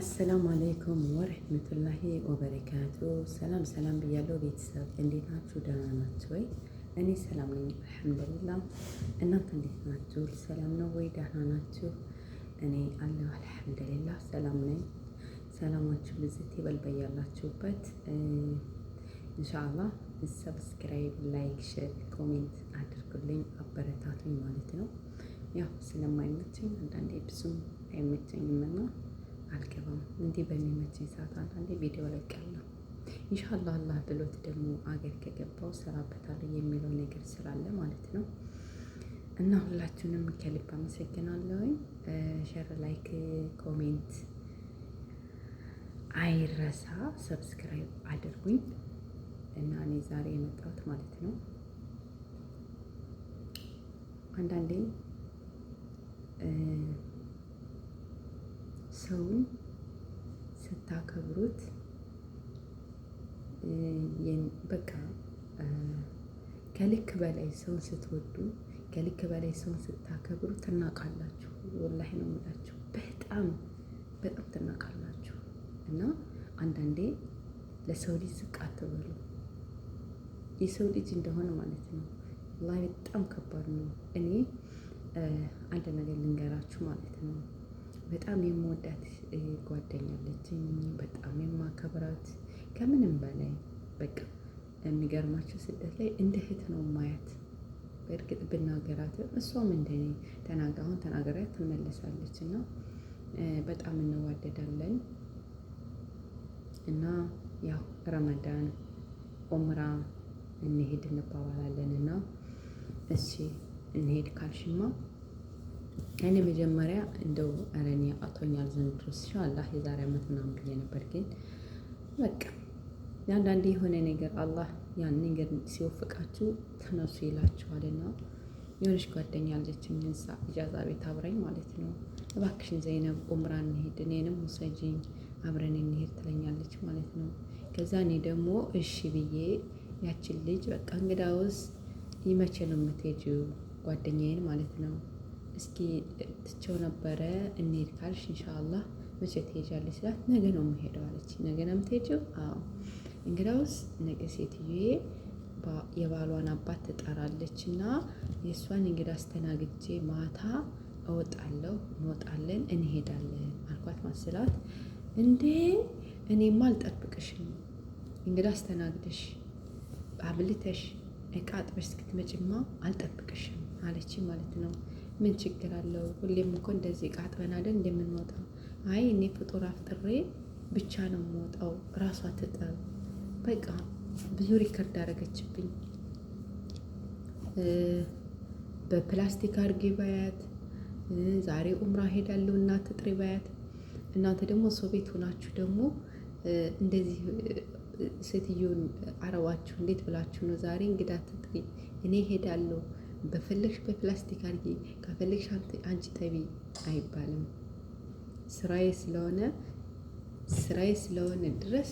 አሰላሙ አለይኩም ወረህመቱላሂ ወበረካቱ። ሰላም ሰላም ብያለሁ ቤተሰብ፣ እንዴት ናችሁ? ደህና ናችሁ ወይ? እኔ ሰላም ነኝ አልሐምዱሊላህ። እናንተ እንዴት ናችሁ? ሰላም ነው ወይ? ደህና ናችሁ? እኔ አለሁ አልሐምዱሊላህ ሰላም ነኝ። ሰላማችሁ ብዝት ይበል በያላችሁበት። ኢንሻአላህ ሰብስክራይብ፣ ላይክ፣ ሼር፣ ኮሜንት አድርጉልኝ አበረታቱኝ ማለት ነው። ያው ስለማይመቸኝ አንዳንዴ ብዙም አይመቸኝምና አልገባም። እንዲህ በሚመችኝ ሰዓት አንዳንዴ ቪዲዮ ለቃለሁ። ኢንሻላ አላህ ብሎት ደግሞ አገር ከገባው ሰራበታለሁ የሚለው ነገር ስላለ ማለት ነው። እና ሁላችሁንም ከልብ አመሰግናለሁ። ሸር፣ ላይክ፣ ኮሜንት አይረሳ፣ ሰብስክራይብ አድርጉኝ። እና እኔ ዛሬ የመጣሁት ማለት ነው አንዳንዴ ሰውን ስታከብሩት በቃ ከልክ በላይ ሰውን ስትወዱ ከልክ በላይ ሰውን ስታከብሩ ትናቃላችሁ። ወላሂ ነው የምላችሁ። በጣም በጣም ትናቃላችሁ። እና አንዳንዴ ለሰው ልጅ ዝቅ አትበሉ። የሰው ልጅ እንደሆነ ማለት ነው። ወላሂ በጣም ከባድ ነው። እኔ አንድ ነገር ልንገራችሁ ማለት ነው በጣም የምወዳት ጓደኛ በጣም የማከብራት ከምንም በላይ በቃ የሚገርማቸው ስደት ላይ እንደ እህት ነው ማያት። በእርግጥ ብናገራትም እሷም እንደኔ ተናግ አሁን ተናገሪያት ትመለሳለች እና በጣም እንዋደዳለን እና ያው ረመዳን ኦምራ እንሄድ እንባባላለን እና እሺ እንሄድ ካልሽማ እኔ መጀመሪያ እንደው ረኔ አውጥቶኛል ዘንድሮስ ኢንሻላህ የዛሬ ዓመት ምናምን ብዬ ነበር። ግን በቃ አንዳንዴ የሆነ ነገር አላህ ያን ነገር ሲወፍቃችሁ ተነሱ ይላችኋልና የሆነች ጓደኛ አለችኝ እንሳ እጃዛ ቤት አብራኝ ማለት ነው። እባክሽን ዘይነብ ኡምራ እንሄድ እኔንም ውሰጂኝ አብረን እንሄድ ትለኛለች ማለት ነው። ከዛ እኔ ደግሞ እሺ ብዬ ያችን ልጅ በቃ እንግዳውስ ይመቼ ነው የምትሄጂው ጓደኛዬን ማለት ነው እስኪ ትቸው ነበረ እንሄድ ካልሽ እንሻላ መቼ ትሄጃለሽ ስላት ነገ ነው የምሄደው አለች። ነገ ነው የምትሄጂው? አዎ። እንግዳውስ ነገ ሴትዬ የባሏን አባት ትጠራለች እና የእሷን እንግዳ አስተናግጄ ማታ እወጣለሁ፣ እንወጣለን፣ እንሄዳለን አልኳት። ማስላት እንዴ እኔማ አልጠብቅሽም እንግዳ አስተናግደሽ አብልተሽ እቃ አጥበሽ እስክትመጭማ አልጠብቅሽም አለች ማለት ነው። ምን ችግር አለው? ሁሌም እኮ እንደዚህ እቃ አጥበን አይደል እንደምንወጣው። አይ እኔ ፍጡር አፍጥሬ ብቻ ነው የምወጣው፣ ራሷ ትጠብ። በቃ ብዙ ሪከርድ አደረገችብኝ። በፕላስቲክ አድርጌ ባያት፣ ዛሬ ኡምራ ሄዳለሁ እናት ጥሪ ባያት። እናንተ ደግሞ ሰው ቤት ሆናችሁ ደግሞ እንደዚህ ሴትዮን አረባችሁ እንዴት ብላችሁ ነው ዛሬ እንግዳ ትጥሪ እኔ ሄዳለሁ በፈለግሽ በፕላስቲክ አድርጊ፣ ከፈለግሽ አንቺ ተቢ አይባልም። ስራዬ ስለሆነ ስራዬ ስለሆነ ድረስ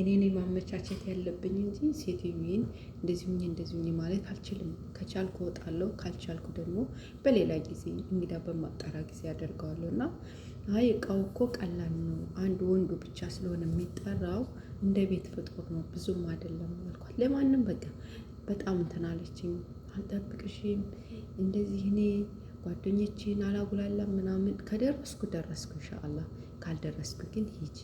እኔን ማመቻቸት ያለብኝ እንጂ ሴትዮን እንደዚሁኝ እንደዚሁኝ ማለት አልችልም። ከቻልኩ ወጣለሁ ካልቻልኩ ደግሞ በሌላ ጊዜ እንግዳ በማጣራ ጊዜ አደርገዋለሁ። እና አይ እቃው እኮ ቀላል ነው፣ አንድ ወንዱ ብቻ ስለሆነ የሚጠራው እንደ ቤት ፍጡር ነው ብዙም አይደለም አልኳት። ለማንም በቃ በጣም እንትን አለችኝ። አልጠብቅሽም እንደዚህ እኔ ጓደኞቼን አላጉላላም ምናምን። ከደረስኩ ደረስኩ እንሻአላ፣ ካልደረስኩ ግን ሂጂ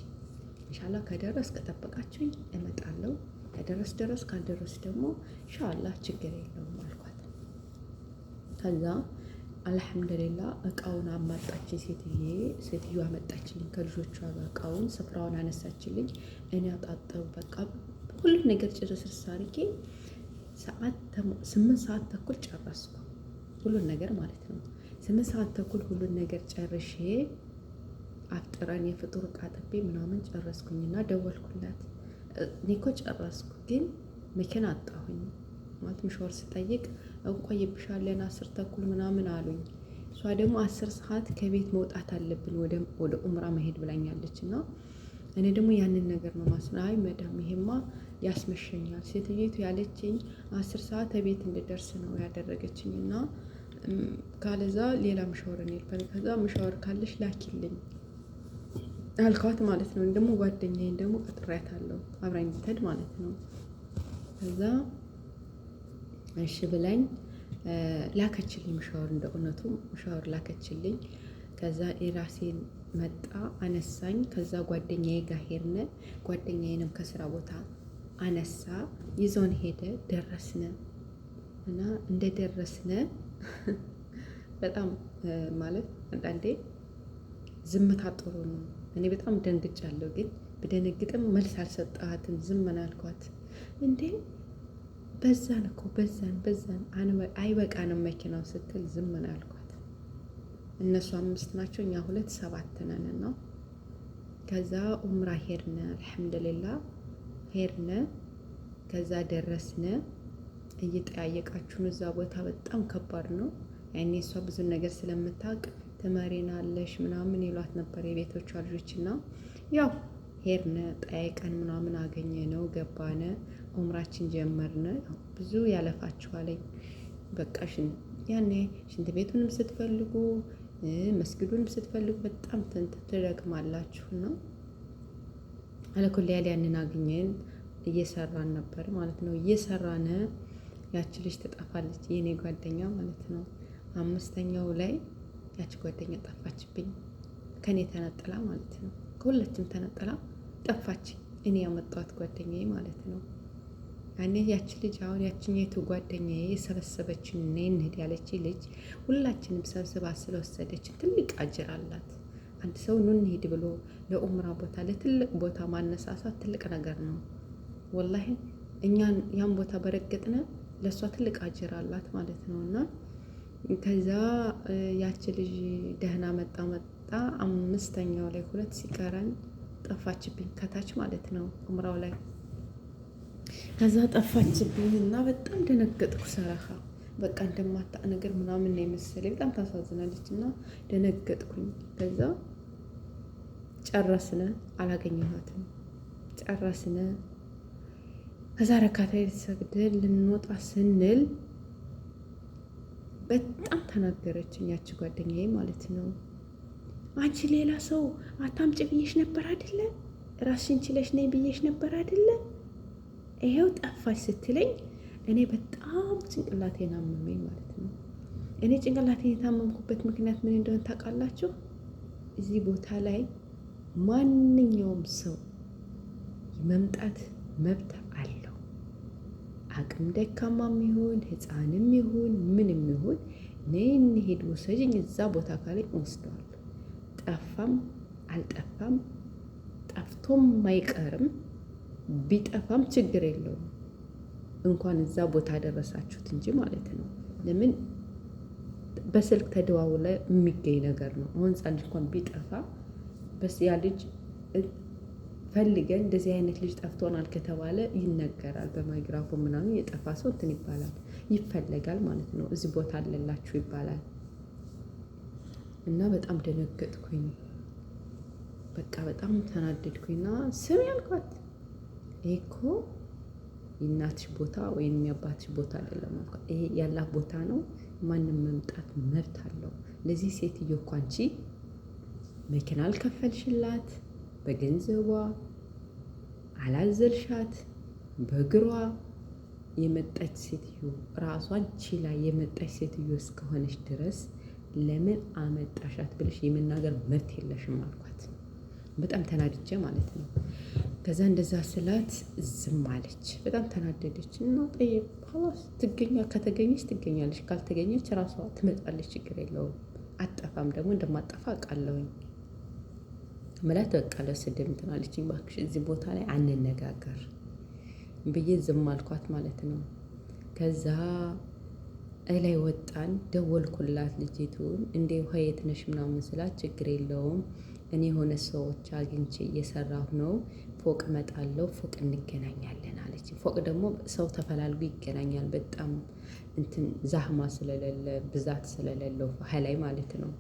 እንሻላ። ከደረስ ከጠበቃችሁኝ እመጣለሁ። ከደረስ ደረስ፣ ካልደረስ ደግሞ እንሻአላ ችግር የለውም አልኳት። ከዛ አልሐምዱሊላ እቃውን አማጣችን ሴትዬ። ሴትዮ አመጣችልኝ ከልጆቿ ጋር እቃውን፣ ስፍራውን አነሳችልኝ። እኔ አጣጠው በቃ ሁሉ ነገር ጭርስርስ አድርጌ ስምንት ሰዓት ተኩል ጨረስኩ ሁሉን ነገር ማለት ነው። ስምንት ሰዓት ተኩል ሁሉን ነገር ጨርሼ አፍጥረን የፍጡር እቃ ጥቤ ምናምን ጨረስኩኝና ደወልኩላት። እኔ እኮ ጨረስኩ ግን መኪና አጣሁኝ ማለት ምሾር ስጠይቅ እንቆይብሻለን አስር ተኩል ምናምን አሉኝ። እሷ ደግሞ አስር ሰዓት ከቤት መውጣት አለብን ወደ ኡምራ መሄድ ብላኛለች እና እኔ ደግሞ ያንን ነገር ነው ማስና አይ መዳም ይሄማ ያስመሸኛል። ሴትየቱ ያለችኝ አስር ሰዓት ቤት እንድደርስ ነው ያደረገችኝ እና ካለዛ ሌላ ምሻወር ኔልፈል ከዛ ምሻወር ካለሽ ላኪልኝ አልኳት ማለት ነው። ደግሞ ጓደኛዬን ደግሞ ቀጥሬያት አለው አብራኝ ብትሄድ ማለት ነው። ከዛ እሺ ብለኝ ላከችልኝ ምሻወር፣ እንደ እውነቱ ምሻወር ላከችልኝ። ከዛ የራሴን መጣ አነሳኝ። ከዛ ጓደኛዬ ጋር ሄድን። ጓደኛዬንም ከስራ ቦታ አነሳ፣ ይዞን ሄደ። ደረስነ እና እንደ ደረስነ በጣም ማለት አንዳንዴ ዝምታ ጥሩ ነው። እኔ በጣም ደንግጫለሁ፣ ግን ብደነግጥም መልስ አልሰጣትም፣ ዝም አልኳት። እንዴ በዛን እኮ በዛን በዛን አይበቃንም መኪናው ስትል ዝም አልኳት። እነሱ አምስት ናቸው፣ እኛ ሁለት ሰባት ነን ነው። ከዛ ኡምራ ሄድነ አልሐምዱሊላ ሄድነ፣ ከዛ ደረስነ። እየጠያየቃችሁን እዛ ቦታ በጣም ከባድ ነው። ያኔ እሷ ብዙ ነገር ስለምታውቅ ትመሪናለሽ ምናምን ይሏት ነበር የቤቶቿ ልጆች እና ያው ሄድነ ጠያይቀን ምናምን አገኘ ነው ገባነ፣ ኡምራችን ጀመርነ። ብዙ ያለፋችኋለኝ በቃ ያኔ ሽንት ቤቱንም ስትፈልጉ መስጊዱንም ስትፈልጉ በጣም ትንት ትደግማላችሁ ነው። አለኮልያል ያንን አግኘን እየሰራን ነበር ማለት ነው። እየሰራን ያቺ ልጅ ትጠፋለች፣ የኔ ጓደኛ ማለት ነው። አምስተኛው ላይ ያቺ ጓደኛ ጠፋችብኝ፣ ከኔ ተነጥላ ማለት ነው። ከሁላችን ተነጥላ ጠፋች፣ እኔ ያመጣኋት ጓደኛዬ ማለት ነው። ያኔ ያቺ ልጅ አሁን ያችኛቱ ጓደኛዬ የሰበሰበችን እኔ እንሂድ ያለች ልጅ ሁላችንም ሰብስባ ስለወሰደችን ትልቅ አጅር አላት። አንድ ሰው ኑ እንሄድ ብሎ ለኡምራ ቦታ ለትልቅ ቦታ ማነሳሳት ትልቅ ነገር ነው። ወላሂ እኛን ያን ቦታ በረገጥነ ለእሷ ትልቅ አጅር አላት ማለት ነው። እና ከዛ ያቺ ልጅ ደህና መጣ መጣ አምስተኛው ላይ ሁለት ሲቀረን ጠፋችብኝ፣ ከታች ማለት ነው ኡምራው ላይ ከዛ ጠፋችብኝ እና በጣም ደነገጥኩ ሰረኻ በቃ እንደማታቅ ነገር ምናምን የመሰለ በጣም ታሳዝናለች እና ደነገጥኩኝ። ከዛ ጨረስነ፣ አላገኘኋትም። ጨረስነ። ከዛ ረካታ የተሰግደን ልንወጣ ስንል በጣም ተናገረችኝ፣ ያቺ ጓደኛዬ ማለት ነው። አንቺ ሌላ ሰው አታምጭ ብዬሽ ነበር አይደለ? ራስሽን ችለሽ ነይ ብዬሽ ነበር አይደለ? ይኸው ጠፋሽ ስትለኝ እኔ በጣም በጣም ጭንቅላቴ አመመኝ ማለት ነው። እኔ ጭንቅላቴን የታመምኩበት ምክንያት ምን እንደሆነ ታውቃላችሁ? እዚህ ቦታ ላይ ማንኛውም ሰው መምጣት መብት አለው። አቅም ደካማም ይሁን ህፃንም ይሁን ምንም ይሁን እኔ እንሄድ ውሰጅኝ እዛ ቦታ ካለኝ ወስደዋል። ጠፋም አልጠፋም ጠፍቶም አይቀርም ቢጠፋም ችግር የለውም። እንኳን እዛ ቦታ ደረሳችሁት እንጂ ማለት ነው። ለምን በስልክ ተደዋውለ የሚገኝ ነገር ነው። አሁን ልጅ እንኳን ቢጠፋ በስ ያ ልጅ ፈልገን እንደዚህ አይነት ልጅ ጠፍቶናል ከተባለ ይነገራል። በማይግራፎን ምናምን የጠፋ ሰው እንትን ይባላል ይፈለጋል ማለት ነው። እዚህ ቦታ አለላችሁ ይባላል። እና በጣም ደነገጥኩኝ። በቃ በጣም ተናደድኩኝና ስም ያልኳት ይሄ እኮ የእናትሽ ቦታ ወይም የአባትሽ ቦታ አይደለም። ይሄ ያላት ቦታ ነው። ማንም መምጣት መብት አለው። ለዚህ ሴትዮ እኮ አንቺ መኪና አልከፈልሽላት፣ በገንዘቧ አላዘልሻት፣ በእግሯ የመጣች ሴትዮ ራሷን ችላ የመጣች ሴትዮ እስከሆነች ድረስ ለምን አመጣሻት ብለሽ የመናገር መብት የለሽም አልኳት። በጣም ተናድጄ ማለት ነው። ከዛ እንደዛ ስላት ዝም አለች። በጣም ተናደደች እና ጠይቅ ላስ ትገኛ ከተገኘች ትገኛለች፣ ካልተገኘች ራሷ ትመጣለች፣ ችግር የለውም አጠፋም ደግሞ እንደማጠፋ አውቃለሁኝ ምላት በቃ ለስድብ እንትን አለችኝ። እባክሽ እዚህ ቦታ ላይ አንነጋገር ብዬ ዝም አልኳት ማለት ነው። ከዛ እላይ ወጣን። ደወልኩላት ልጅቱን እንዴ ውሃ የት ነሽ ምናምን ስላት ችግር የለውም እኔ የሆነ ሰዎች አግኝቼ እየሰራሁ ነው ፎቅ እመጣለሁ ፎቅ እንገናኛለን አለች። ፎቅ ደግሞ ሰው ተፈላልጎ ይገናኛል በጣም እንትን ዛህማ ስለሌለ ብዛት ስለሌለው ከላይ ማለት ነው።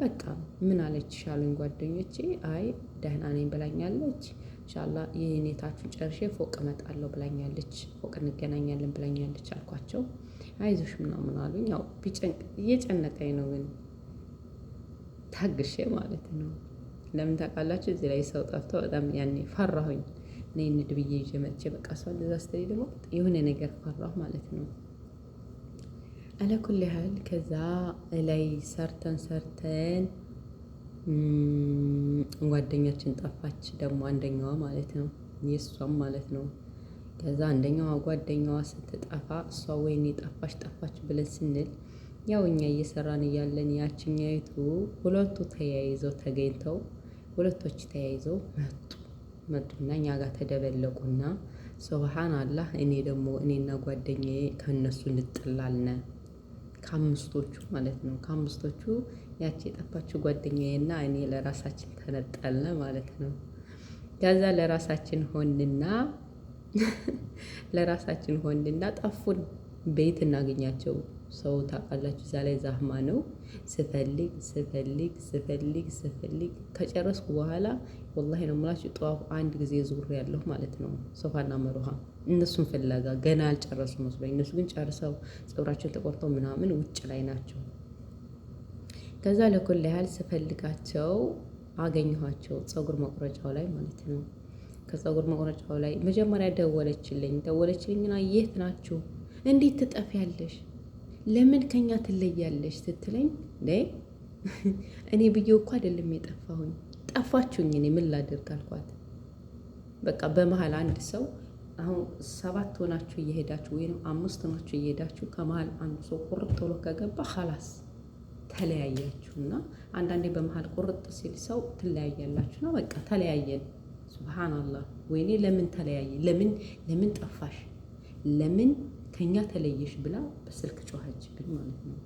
በቃ ምን አለች ሻሉኝ ጓደኞቼ አይ ደህና ነኝ ብላኛለች። ሻላ የኔታችሁ ጨርሼ ፎቅ እመጣለሁ ብላኛለች ፎቅ እንገናኛለን ብላኛለች አልኳቸው። አይዞሽ ምናምን አሉኝ ያው ቢጨንቅ እየጨነቀኝ ነው ግን ታግሼ ማለት ነው ለምን ታውቃላችሁ? እዚህ ላይ ሰው ጠፍቶ በጣም ያኔ ፈራሁኝ። እኔ ንድ ብዬ ይዤ መጥቼ በቃ ሰው እንደዛ ስትለኝ ደግሞ የሆነ ነገር ፈራሁ ማለት ነው። አለኩል ያህል ከዛ ላይ ሰርተን ሰርተን ጓደኛችን ጠፋች፣ ደግሞ አንደኛዋ ማለት ነው የእሷም ማለት ነው። ከዛ አንደኛዋ ጓደኛዋ ስትጠፋ እሷ ወይኔ ጠፋች ጠፋች ብለን ስንል ያው እኛ እየሰራን እያለን ያችኛይቱ ሁለቱ ተያይዘው ተገኝተው ሁለቶች ተያይዘው መጡ መጡና እኛ ጋር ተደበለቁና ሱብሃን አላህ እኔ ደግሞ እኔና ጓደኛዬ ከእነሱ እንጥላልነ ከአምስቶቹ ማለት ነው። ከአምስቶቹ ያቺ የጠፋችው ጓደኛዬና እኔ ለራሳችን ተነጠልነ ማለት ነው። ከዛ ለራሳችን ሆንና ለራሳችን ሆንና ጠፉን። ቤት እናገኛቸው ሰው ታውቃላችሁ፣ እዛ ላይ ዛህማ ነው። ስፈልግ ስፈልግ ስፈልግ ስፈልግ ከጨረስኩ በኋላ ወላሂ ነው የምላችሁ ጠዋፍ አንድ ጊዜ ዙር ያለሁ ማለት ነው። ሶፋና መሩሃ እነሱን ፍለጋ ገና አልጨረሱ መስሎኝ፣ እነሱ ግን ጨርሰው ፀጉራቸውን ተቆርተው ምናምን ውጭ ላይ ናቸው። ከዛ ለኮላ ያህል ስፈልጋቸው አገኘኋቸው ፀጉር መቁረጫው ላይ ማለት ነው። ከፀጉር መቁረጫው ላይ መጀመሪያ ደወለችልኝ። ደወለችልኝና የት ናችሁ? እንዴት ትጠፊያለሽ? ለምን ከኛ ትለያለሽ ስትለኝ እኔ ብዬው እኮ አይደለም የጠፋሁኝ ጠፋችሁኝ እኔ ምን ላደርግ አልኳት። በቃ በመሀል አንድ ሰው አሁን ሰባት ሆናችሁ እየሄዳችሁ ወይም አምስት ሆናችሁ እየሄዳችሁ ከመሀል አንዱ ሰው ቁርጥ ብሎ ከገባ ሀላስ ተለያያችሁ እና አንዳንዴ በመሀል ቁርጥ ሲል ሰው ትለያያላችሁ ነው በቃ ተለያየን። ሱብሃናላህ ወይኔ ለምን ተለያየ? ለምን ለምን ጠፋሽ? ለምን ከኛ ተለየሽ ብላ በስልክ ጮኸችብኝ ማለት ነው።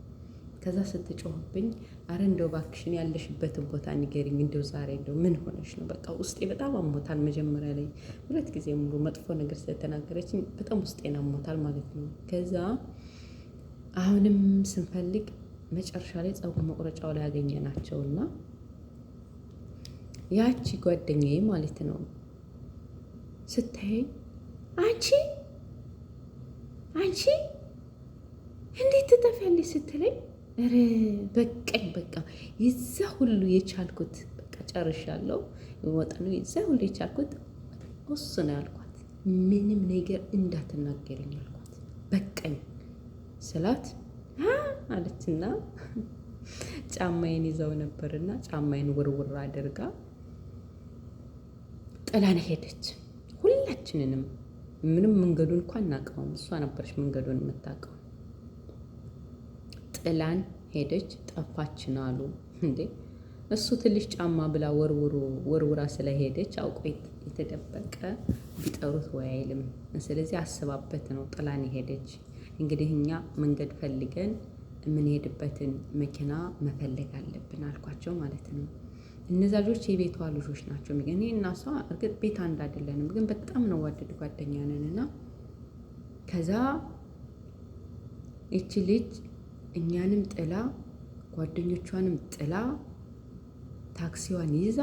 ከዛ ስትጮህብኝ አረ እንደው እባክሽን ያለሽበትን ቦታ ንገሪኝ፣ እንደው ዛሬ እንደው ምን ሆነሽ ነው? በቃ ውስጤ በጣም አሞታል። መጀመሪያ ላይ ሁለት ጊዜ ሙሉ መጥፎ ነገር ስለተናገረችኝ በጣም ውስጤን አሞታል ማለት ነው። ከዛ አሁንም ስንፈልግ መጨረሻ ላይ ፀጉር መቁረጫው ላይ ያገኘ እና ያቺ ጓደኛዬ ማለት ነው ስታየኝ አንቺ አንቺ እንዴት ትጠፊያለሽ ስትለኝ ኧረ በቃኝ በቃ የዛ ሁሉ የቻልኩት በቃ ጨርሻለሁ ወጣ የዛ ሁሉ የቻልኩት እሱ ነው ያልኳት። ምንም ነገር እንዳትናገርኝ አልኳት። በቃኝ ስላት አለችና ጫማዬን ይዘው ነበርና ጫማዬን ውርውር አድርጋ ጥላን ሄደች ሁላችንንም ምንም መንገዱን እንኳን አናውቀውም። እሷ ነበረች መንገዱን የምታውቀው። ጥላን ሄደች ጠፋችን አሉ እንዴ እሱ ትልሽ ጫማ ብላ ወርውሮ ወርውራ ስለሄደች አውቆ የተደበቀ ቢጠሩት ወይ አይልም። ስለዚህ አስባበት ነው ጥላን ሄደች። እንግዲህ እኛ መንገድ ፈልገን የምንሄድበትን መኪና መፈለግ አለብን አልኳቸው ማለት ነው። እነዛ ልጆች የቤቷ ልጆች ናቸው። እኔ እና እሷ እርግጥ ቤት አንድ አይደለንም፣ ግን በጣም ነው ዋደድ ጓደኛ ነን እና ከዛ ይቺ ልጅ እኛንም ጥላ ጓደኞቿንም ጥላ ታክሲዋን ይዛ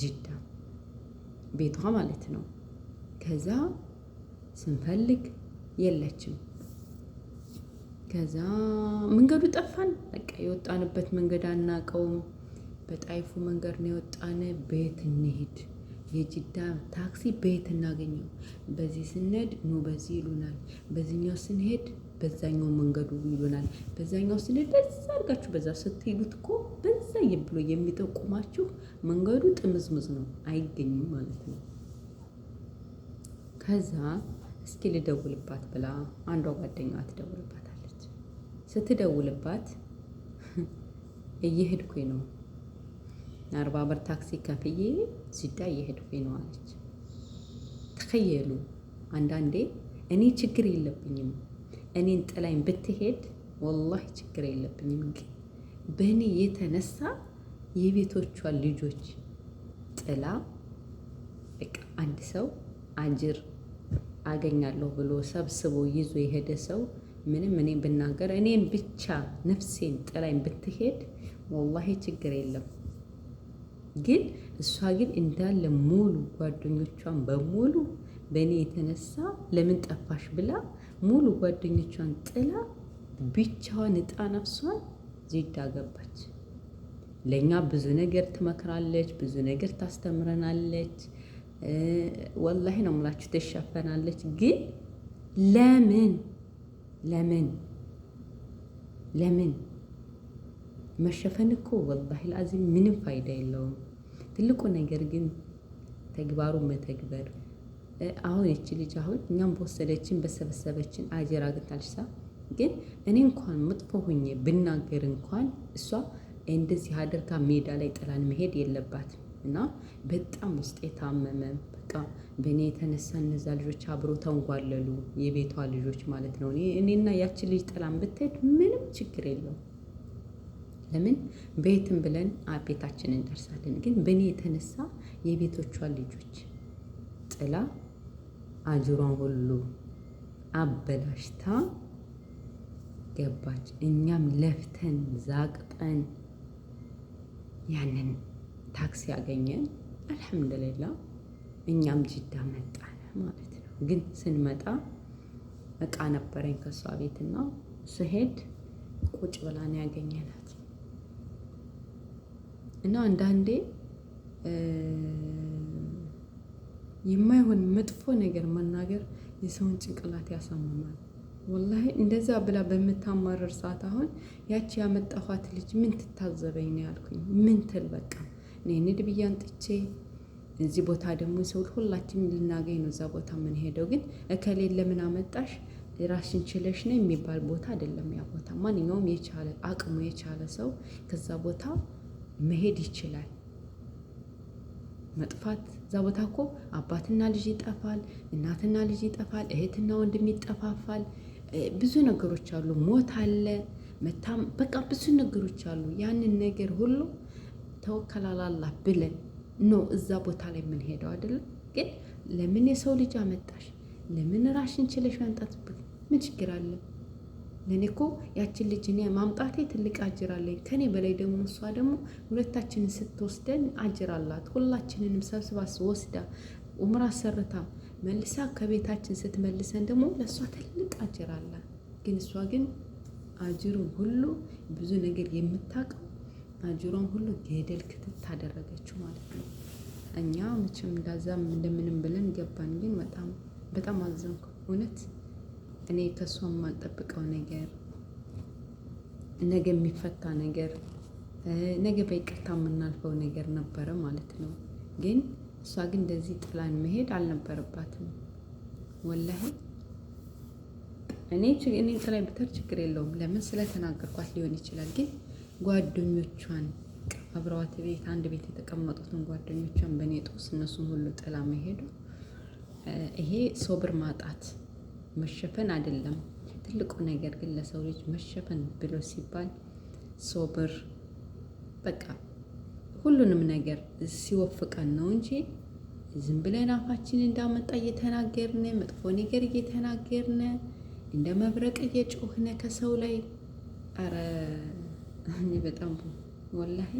ጅዳ ቤቷ ማለት ነው። ከዛ ስንፈልግ የለችም። ከዛ መንገዱ ጠፋን። በቃ የወጣንበት መንገድ አናውቀውም። በጣይፉ መንገድ ነው የወጣን። ቤት እንሂድ፣ የጅዳ ታክሲ ቤት እናገኘው። በዚህ ስንሄድ ኑ በዚህ ይሉናል፣ በዚህኛው ስንሄድ በዛኛው መንገዱ ይሉናል፣ በዛኛው ስንሄድ በዛ አድርጋችሁ በዛ ስትሄዱት እኮ በዛ ብሎ የሚጠቁማችሁ መንገዱ ጥምዝምዝ ነው፣ አይገኝም ማለት ነው። ከዛ እስኪ ልደውልባት ብላ አንዷ ጓደኛዋ ትደውልባታለች። ስትደውልባት እየሄድኩኝ ነው አርባ ብር ታክሲ ከፍዬ ጅዳ እየሄድኩኝ ነው አለች። ተከየሉ አንዳንዴ እኔ ችግር የለብኝም እኔን ጥላኝ ብትሄድ ወላሂ ችግር የለብኝም፣ ግን በእኔ የተነሳ የቤቶቿን ልጆች ጥላ በቃ አንድ ሰው አጅር አገኛለሁ ብሎ ሰብስቦ ይዞ የሄደ ሰው ምንም እኔን ብናገር እኔን ብቻ ነፍሴን ጥላኝ ብትሄድ ወላሂ ችግር የለም። ግን እሷ ግን እንዳለ ሙሉ ጓደኞቿን በሙሉ በእኔ የተነሳ ለምን ጠፋሽ ብላ ሙሉ ጓደኞቿን ጥላ ብቻዋን እጣ ነፍሷን ዜዳ ገባች። ለእኛ ብዙ ነገር ትመክራለች፣ ብዙ ነገር ታስተምረናለች። ወላሂ ነው ምላችሁ ትሸፈናለች። ግን ለምን ለምን ለምን መሸፈን እኮ ወላሂ አዚም ምንም ፋይዳ የለውም። ትልቁ ነገር ግን ተግባሩ መተግበር። አሁን ይቺ ልጅ አሁን እኛም በወሰደችን በሰበሰበችን አጀር አግኝታለች። ሳ ግን እኔ እንኳን መጥፎ ሁኜ ብናገር እንኳን እሷ እንደዚህ አድርጋ ሜዳ ላይ ጥላን መሄድ የለባት እና በጣም ውስጥ የታመመ በቃ በእኔ የተነሳ እነዛ ልጆች አብሮ ተንጓለሉ፣ የቤቷ ልጆች ማለት ነው። እኔና ያችን ልጅ ጥላን ብትሄድ ምንም ችግር የለውም። ለምን ቤትም ብለን ቤታችን እንደርሳለን። ግን በእኔ የተነሳ የቤቶቿን ልጆች ጥላ አጅሯን ሁሉ አበላሽታ ገባች። እኛም ለፍተን ዛቅጠን ያንን ታክሲ ያገኘን አልሐምዱሊላ እኛም ጅዳ መጣን ማለት ነው። ግን ስንመጣ እቃ ነበረኝ ከእሷ ቤትና ስሄድ ቁጭ ብላን ያገኘናል። እና አንዳንዴ የማይሆን መጥፎ ነገር መናገር የሰውን ጭንቅላት ያሳምማል። ወላሂ እንደዛ ብላ በምታማረር ሰዓት አሁን ያቺ ያመጣኋት ልጅ ምን ትታዘበኝ ነው ያልኩኝ። ምን ትል በቃ እኔ ንድ ጥቼ እዚህ ቦታ ደግሞ ሰው ሁላችን ልናገኝ ነው እዛ ቦታ የምንሄደው። ግን እከሌን ለምን አመጣሽ ራስሽን ችለሽ ነው የሚባል ቦታ አይደለም ያ ቦታ። ማንኛውም የቻለ አቅሙ የቻለ ሰው ከዛ ቦታ መሄድ ይችላል። መጥፋት እዛ ቦታ እኮ አባትና ልጅ ይጠፋል፣ እናትና ልጅ ይጠፋል፣ እህትና ወንድም ይጠፋፋል። ብዙ ነገሮች አሉ። ሞት አለ፣ መታም በቃ ብዙ ነገሮች አሉ። ያንን ነገር ሁሉ ተወከላላላ ብለን ነው እዛ ቦታ ላይ የምንሄደው አይደለም። ግን ለምን የሰው ልጅ አመጣሽ? ለምን ራሽን ችለሽ መምጣት ምን ችግር አለ? ለእኔ እኮ ያችን ልጅ እኔ ማምጣቴ ትልቅ አጅር አለኝ። ከኔ በላይ ደግሞ እሷ ደግሞ ሁለታችንን ስትወስደን አጅር አላት። ሁላችንንም ሰብስባ ወስዳ ኡምራ ሰርታ መልሳ ከቤታችን ስትመልሰን ደግሞ ለእሷ ትልቅ አጅር አላት። ግን እሷ ግን አጅሩን ሁሉ ብዙ ነገር የምታውቀው አጅሯን ሁሉ ገደል ክትት ታደረገችው ማለት ነው። እኛ መቼም እንዳዛም እንደምንም ብለን ገባን። ግን በጣም በጣም አዘንኩ እውነት እኔ ከእሷ የማልጠብቀው ነገር ነገ የሚፈታ ነገር ነገ በይቅርታ የምናልፈው ነገር ነበረ ማለት ነው። ግን እሷ ግን እንደዚህ ጥላን መሄድ አልነበረባትም። ወላሂ እኔ እኔ ጥላይ ብትር ችግር የለውም። ለምን ስለተናገርኳት ሊሆን ይችላል። ግን ጓደኞቿን አብረዋት ቤት አንድ ቤት የተቀመጡትን ጓደኞቿን በእኔ ጦስ እነሱን ሁሉ ጥላ መሄዱ ይሄ ሶብር ማጣት መሸፈን አይደለም። ትልቁ ነገር ግን ለሰው ልጅ መሸፈን ብሎ ሲባል ሶብር፣ በቃ ሁሉንም ነገር ሲወፍቀን ነው እንጂ ዝም ብለን አፋችን እንዳመጣ እየተናገርን መጥፎ ነገር እየተናገርን እንደ መብረቅ እየጮህነ ከሰው ላይ አረ በጣም ወላሂ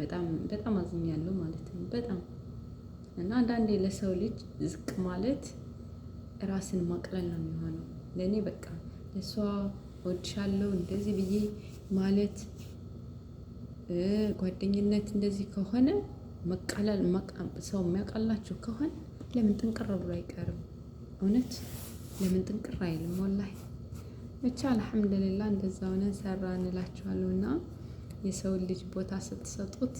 በጣም በጣም አዝኛለሁ ማለት ነው። በጣም እና አንዳንዴ ለሰው ልጅ ዝቅ ማለት ራስን ማቅለል ነው የሚሆነው። ለእኔ በቃ እሷ ወድሻለሁ እንደዚህ ብዬ ማለት ጓደኝነት እንደዚህ ከሆነ መቀለል ሰው የሚያቀላችሁ ከሆነ ለምን ጥንቅር ብሎ አይቀርም? እውነት ለምን ጥንቅር አይልም? ወላሂ ብቻ አልሐምዱሊላ እንደዛ ሆነ ሰራ እንላችኋለሁ። እና የሰው ልጅ ቦታ ስትሰጡት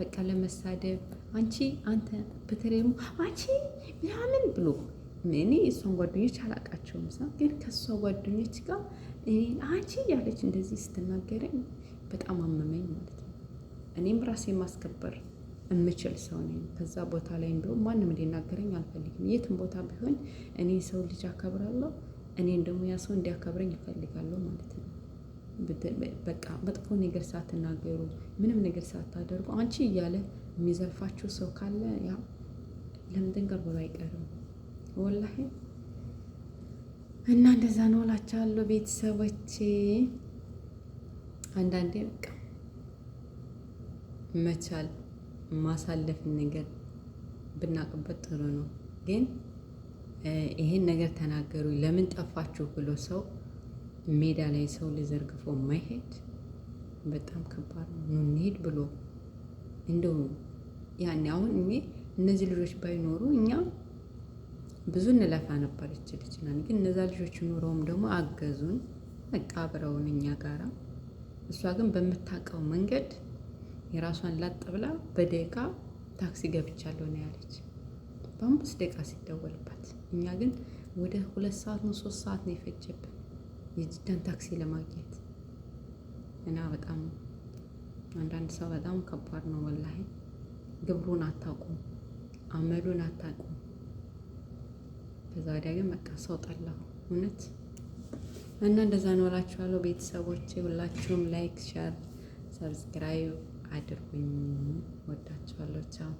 በቃ ለመሳደብ አንቺ አንተ በተለይ አንቺ ምናምን ብሎ እኔ እሷን ጓደኞች አላቃቸውም ሳ ግን ከእሷ ጓደኞች ጋር አንቺ እያለች እንደዚህ ስትናገረኝ በጣም አመመኝ ማለት ነው። እኔም ራሴ ማስከበር የምችል ሰው ነኝ። ከዛ ቦታ ላይ ቢሆን ማንም ሊናገረኝ አልፈልግም። የትም ቦታ ቢሆን እኔ ሰው ልጅ አከብራለሁ፣ እኔን ደግሞ ያ ሰው እንዲያከብረኝ ይፈልጋለሁ ማለት ነው። በቃ መጥፎ ነገር ሳትናገሩ፣ ምንም ነገር ሳታደርጉ አንቺ እያለ የሚዘልፋችሁ ሰው ካለ ያ ለምድን ብሎ አይቀርም። ወላሂ እና እንደዛ ነው እላቸዋለሁ ቤተሰቦቼ። አንዳንዴ በቃ መቻል ማሳለፍን ነገር ብናቅበት ጥሩ ነው። ግን ይሄን ነገር ተናገሩ ለምን ጠፋችሁ ብሎ ሰው ሜዳ ላይ ሰው ሊዘርግፎ ማይሄድ በጣም ከባድ ነው። እንሄድ ብሎ እንደው ያኔ አሁን እኔ እነዚህ ልጆች ባይኖሩ እኛ ብዙ እንለፋ ነበር ይች ይችላል። ግን እነዛ ልጆች ኑሮውም ደግሞ አገዙን፣ በቃ አብረውን እኛ ጋራ። እሷ ግን በምታውቀው መንገድ የራሷን ላጥ ብላ በደቂቃ ታክሲ ገብቻለሁ ነው ያለች፣ በአምስት ደቂቃ ሲደወልባት። እኛ ግን ወደ ሁለት ሰዓት ነው ሶስት ሰዓት ነው የፈጀብን የጅዳን ታክሲ ለማግኘት እና በጣም አንዳንድ ሰው በጣም ከባድ ነው ወላሂ። ግብሩን አታውቁም፣ አመሉን አታውቁም። ከዛ ወዲያ ግን በቃ ሰው ጠላሁ እውነት እና እንደዛ ነው እላችኋለሁ። ቤተሰቦቼ ሁላችሁም ላይክ፣ ሸር፣ ሰብስክራይብ አድርጉኝ። ወዳችኋለሁ። ቻው